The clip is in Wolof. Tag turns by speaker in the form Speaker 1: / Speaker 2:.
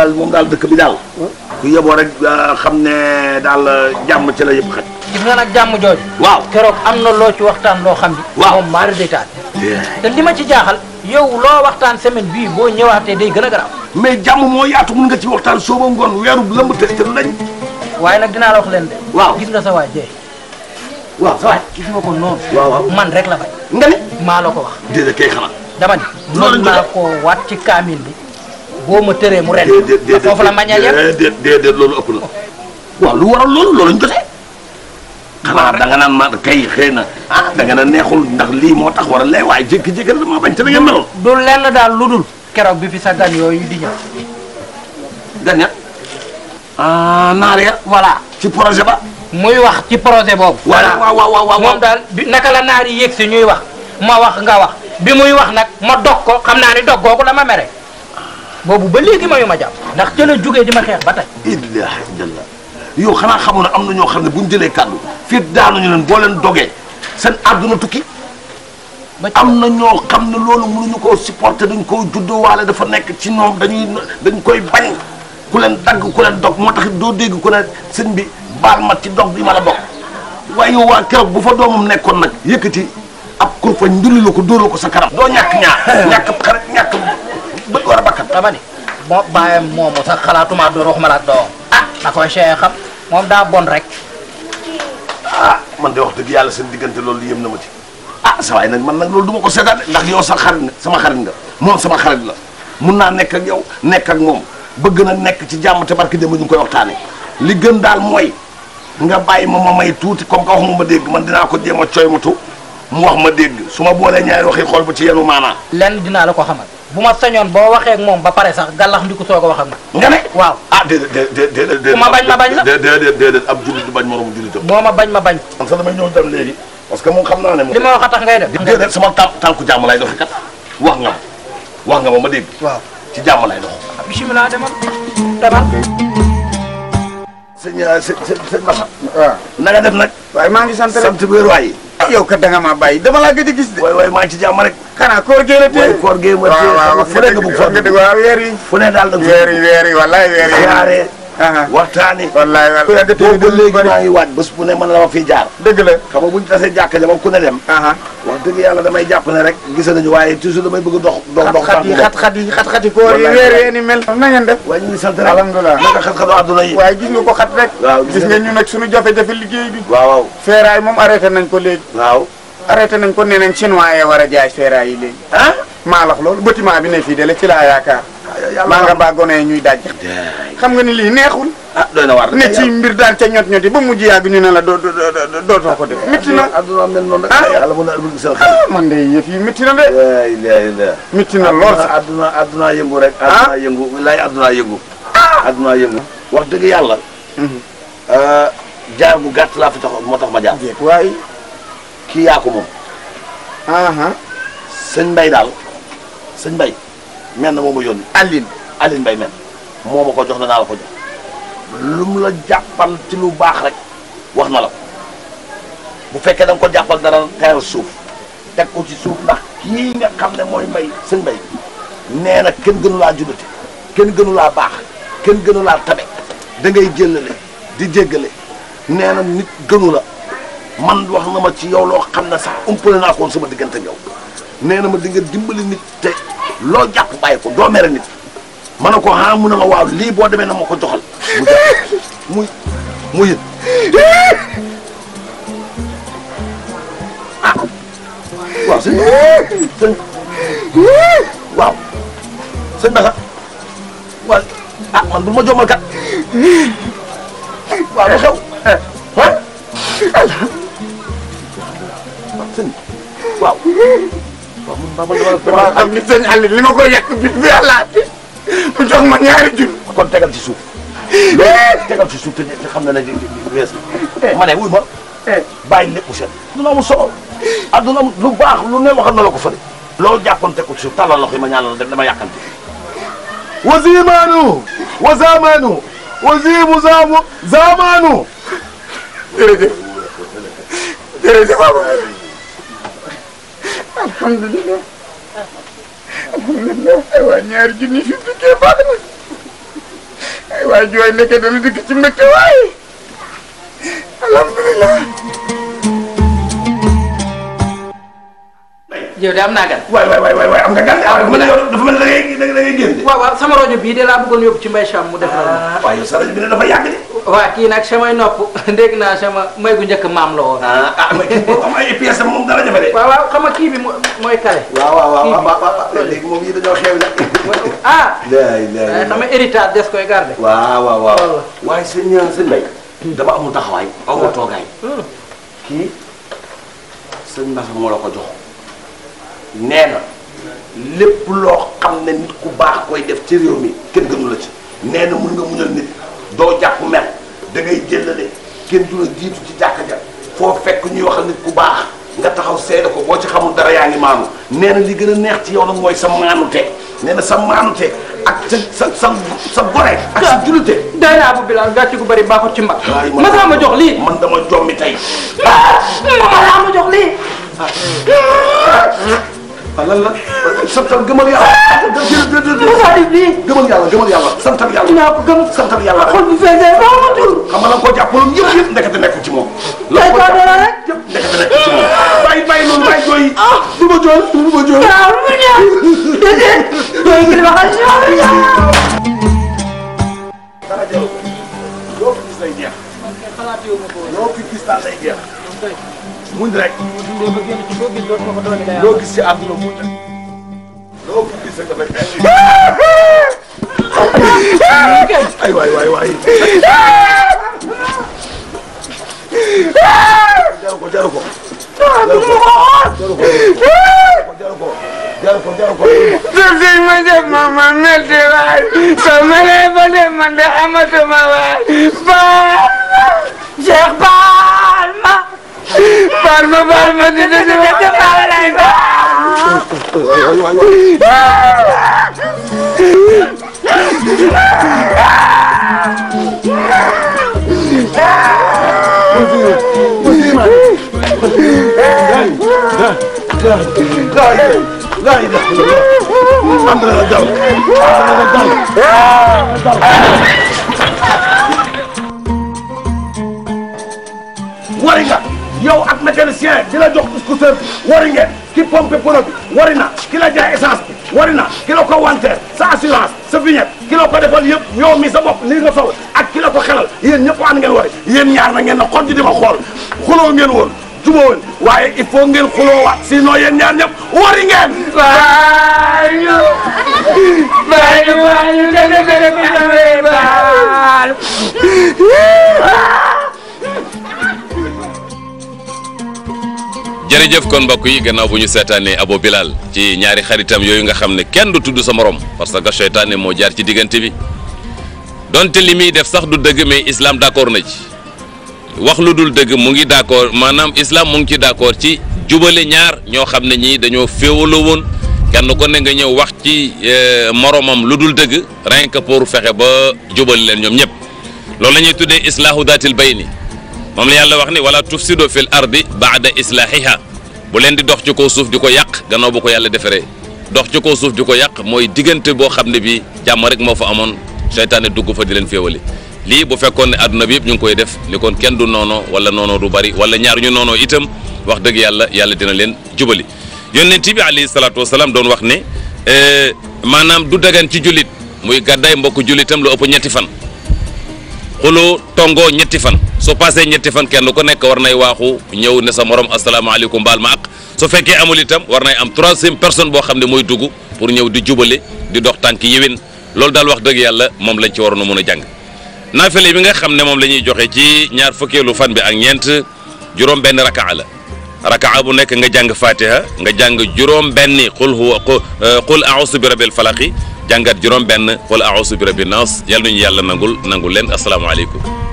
Speaker 1: daal moom daal dëkk bi daal ku yeboo rek euh, xam ne daal euh, jàmm ci la yëpp xaj
Speaker 2: gis nga nag jàmm jooju waaw keroog am na loo ci waxtaan loo xam bi waaw moom maari daytaan te li ma ci jaaxal yow loo waxtaan semaine bii boo ñëwaatee day gën a garaaw mais jàmm moo yaatu mun nga ci waxtaan sooba ngoon weeru lëmb tëj te lu dañ waaye nag dinaa la wax leen de waaw gis nga sa waay jee waaw sa waay gis ko noonu waaw man rek la bañ nga ne maa la wax déedéet kay xanaa dama ne loolu maa ko waat ci kaamil bi boo ma teree mu
Speaker 1: ren. déedéet foofu la mbañal yem déedéet loolu ëpp na. waaw lu waral loolu loolu ñu jotee. da nga naan ma kay xëy na ah. da nga na neexul ndax lii moo tax war a lee waaye jékki-jékki la ma bañ te da ngeen lenn daal lu dul. keroog bi fi sa gan yooyu di ñëw. gan ya. ah naar ci projet ba.
Speaker 2: muy wax ci projet boobu. voilà waaw waaw waaw moom daal bi naka la naar yi yéeg si ñuy wax ma wax nga wax bi muy wax nag ma dog ko xam naa ni dog googu la ma mere. boobu ba léegi mayu ma jàpp
Speaker 1: ndax ca la jógee di ma xeex ba tey illaahi illallah yow xanaa xamoon am na ñoo xam ne bu ñu jëlee kàddu fii daanuñu leen boo leen dogee seen àdduna tukki am na ñoo xam ne loolu mënuñu koo supporter dañ koo juddoo waale dafa nekk ci ñoom dañuy dañ koy bañ ku leen dagg ku leen dog moo tax doo dégg ku ne sëñ bi baal ma ci dog bi ma la dog waaye yow waa keroog bu fa doomam nekkoon nag yëkkati ab kurfañ ndulli la ko dóoral ko sa kanam doo ñàkk ñaar ñàkk xarit ñàkk ba war dama ni moo
Speaker 2: moom moomu sax xalaatuma door waxuma laa doom ah na koy seeyee xam moom daa bon rek
Speaker 1: ah man de wax dëgg yàlla seen diggante loolu yëm na ma ci ah sa waay nag man nag loolu du ma ko seetaan ndax yow sa xarit na sama xarit nga moom sama xarit la mun naa nekk ak yow nekk ak moom bëgg na nekk ci jàmm te barki démb ñu ngi koy waxtaane li gën daal mooy nga bàyyi ma ma may tuuti comme que waxuma ma dégg man dinaa ko jéem a coy matu mu wax ma dégg su ma boolee ñaari waxi xool bu ci yenu maanaa
Speaker 2: lenn dinaa la ko xamal bu ma sañoon boo waxee ak moom ba pare sax gàllax ndiku soog a
Speaker 1: wax ak ma. nga ne waaw ah déedéet déedéet. ku ma bañ ma bañ la déedéet déedéet ab jullit du bañ moromu jullitam. moo ma bañ ma bañ. man sax damay ñëw dem léegi parce que moom xam naa ne. li ma wax a tax ngay def. déedéet sama tànk tànku jàmm lay dox kat wax nga ma wax nga ma ma dégg. waaw ci jàmm lay dox. Ah, bisimilah demal demal. sëñ euh, sëñ Massa. waaw na nga def nag. waaye maa ngi sant rek sant wéeruwaay yi. yow ka danga maa bàyyi dama laa gëj a gis de. waay waay maa ci jàmm rek. koor gee la téye waay koor gee ma téye. waaw waaw fu ne nga bugg fa weer yi. fu ne daal la weer yi waxtaani wallaay wallaay ba léegi maa ngi waaj bés bu ne mën la ma fiy jaar dëgg la xam nga buñu tasee jàkk ja moom ku ne dem wax dëgg yàlla damay jàpp ne rek gisa nañu waaye toujours damay bëgg dox dox dox xat yi xat yi xat xat yi koor yi weer yee ni mel na ngeen def waaye ñu ngi sant rek alhamdulilah naka xat-xatu àdduna yi waaye gis nga ko xat rek waaw gis nga ñu nag suñu jafe-jafe liggéey bi waaw waaw feeraay moom arrêté nañ ko léegi waaw arrêté nañ ko nee nañ chinois yi war a jaay feeraay yi léegi ah maa lax loolu bâtiment bi ne fii de la ci laa yaakaar maa nga baa gone ñuy daj xam nga ni lii neexul ah doy na war ne ci mbir daan ca ñot ñoti ba mujj yàgg ñu ne la doo dootoo ko def métti na adduna mel noonu rek ah. yàlla mën a ëllëg seen xel ah, man de yëf yi métti na de la métti na lool sax adduna adduna yëngu rek adduna ah. yëngu laay adduna yëngu adduna yëngu wax dëgg yàlla mhm. euh, jaar bu gàtt laa fi tax moo tax ma jaar waaye kii yaa ko moom sëñ mbay daal sëñ mbay menn moo ma yónni Aline Aline Mbaye menn moo ma ko jox danaa la ko jox lu mu la jàppal ci lu baax rek wax na la ko bu fekkee da ko jàppal dara teel suuf teg ko ci suuf ndax kii nga xam ne mooy mbay seen mbay nee nag kenn gënu laa julliti kenn gënu laa baax kenn gënu laa tabe da ngay di jéggale nee na nit gënu la man wax na ma ci yow loo xam ne sax umpale naa koon sama diggante yow nee na ma di dimbali nit te loo jàpp bàyyi ko doo nit ma ne ko ah mu ne ma waaw lii boo demee na ma ko joxal mu jàpp muy muy ah waaw sëñ sëñ waaw sëñ Bassa waaw ah waaw. am na sëñ Aliou li ma koy yàq bit bi yàlla
Speaker 2: mu jox ma ñaari
Speaker 1: jun. kon tegal ci suuf loolu tegal ci suuf te xam na ne wees na. ma ne wuy ma bàyyi lépp seen. dina amul solo adduna amul lu baax lu ne waxal na la ko fële. loolu jàppoon teg ko ci suuf tàllal loxo yi ma ñaanal dem dama yàqante. wa zimaanu wa zaamaanu wa zimu zaamu zaamaanu jërëjëf jërëjëf alhamdulilah
Speaker 2: alhamdulilah ay waa ñaari junni fi duggee baax na ay waa jooy nekkee dana dikk ci mbégte waaye alhamdulilah yow de am naa gan. waay waay waay waay am nga gan. am nga gan dafa mel da ngay da ngay génn. waaw waaw sama rajo bii de laa bëggoon yóbbu ci Mbaye Cham mu defaral ma. Ah, waaw yow sa rajo bi de dafa yàgg de. waaw kii nag samay nopp dégg naa sama may gu njëkk maam la woon. ah ah, ah kii moom dara jafe de. waaw waaw xam kii bi mooy kale. waaw waaw waaw
Speaker 1: waaw léegi moom yi dañoo xew nag. ah.
Speaker 2: day day xam nga héritage
Speaker 1: des koy garder. waaye sëñ sëñ Mbaye. dama amul taxawaay. amul toogaay. Hmm. kii sëñ Mbassa moo la jox nee na lépp loo ne nit ku baax koy def ci réew mi kenn la ci nee na mun nga nit. doo jàpp mer da ngay jëllale kenn du la jiitu ci jàkka ja foo fekk ñuy waxal nit ku baax nga taxaw seede ko boo ci xamul dara yaa ngi maanu nee na li gën a neex ci yow nag mooy sa maanute nee na sa maanute ak sa sa sa gore ak sa julute day naa bu bilaal gàcce gu bëri baaxut ci mbag masaa ma jox lii man dama jommi tey
Speaker 2: masaa ah, ma jox lii ah.
Speaker 1: waaw lan la santal gëmal yàlla. gëmal yàlla gëmal yàlla santal yàlla. naa ko gëm santal yàlla. xool bu fekkee xam nga la ko jàppaloon yëpp yëpp ndekete muñ rek. loo gis si àdduna muñ rek. loo gis sa dafay ay waay waay waay. jaru ko jaru ko. jaru ko jaru ko jaru ko jaru ko jaru ko. sëñ ma def ma ma métti waay soo ma
Speaker 2: lee ba def man de amatuma waay ba Cheikh Ba.
Speaker 1: baal ma
Speaker 2: baal ma dina dina dina baal ma dina
Speaker 1: dina dina baal ma dina mécanicien ki la jox scooter wari ngeen ki pompe pono bi wari na ki la jaay essence bi wari na ki la ko wanteer sa assurance sa vignette ki la ko defal yow mi sa bopp li nga ak ki ko xelal yéen ñëpp ànd ngeen wari ñaar na na xoj di ma xool xuloo ngeen woon waaye il faut ngeen xuloowaat sinon ñaar ñëpp wari ngeen. baañu baañu baañu gën a gën a gën a
Speaker 3: jërëjëf kon mbokk yi gannaaw bu ñu seetaanee Abo Bilal ci ñaari xaritam yooyu nga xam ne kenn du tudd sa morom parce que seytaane moo jaar ci diggante bi donte li muy def sax du dëgg mais islam d'accord na ci wax lu dul dëgg mu ngi d'accord maanaam islaam mu ngi ci d'accord ci jubale ñaar ñoo xam ne ñii dañoo féewaloo woon kenn ko ne nga ñëw wax ci euh, moromam lu dul dëgg rien pour fexe ba jubal leen ñoom ñëpp loolu la ñuy tuddee islaahu daatil bayni moom la yàlla wax ni wala tufsidu fil ardi baada islahiha bu leen di dox ci kaw suuf di ko yàq gannaaw bu ko yàlla defaree dox ci kaw suuf di ko yàq mooy diggante boo xam ne bii jàmm rek moo fa amoon seytaane dugg fa di leen féewali lii bu fekkoon ne àdduna bi yëpp ñu ngi koy def ni kon kenn du noono wala noonoo du bari wala ñaar ñu noonoo itam wax dëgg yàlla dina leen jubali yonent bi alayhi salaatu wasalaam doon wax ne eh, maanaam du dagan ci jullit muy gàddaay mbokk jullitam lu ëpp ñetti fan xuloo tongoo ñetti fan soo passé ñetti fan kenn ku nekk war nay waaxu ñëw ne sa morom asalaamaaleykum baal ma ak su fekkee amul itam war nay am troisième personne boo xam ne mooy dugg pour ñëw di jubale di dox tànk yéwén loolu daal wax dëgg yàlla moom lañ ci waroon a mun a jàng naafile bi nga xam ne moom la ñuy joxe ci ñaar fukkeelu fan bi ak ñeent juróom benn rakaa la rakaa bu nekk nga jàng fatiha nga jàng juróom benni qul huwa qul a'uuzu bi rabbil jàngat juróom benn wala a'uusu bi rabbi naas yàlla nañu yàlla nangul nangul leen asalaamaaleykum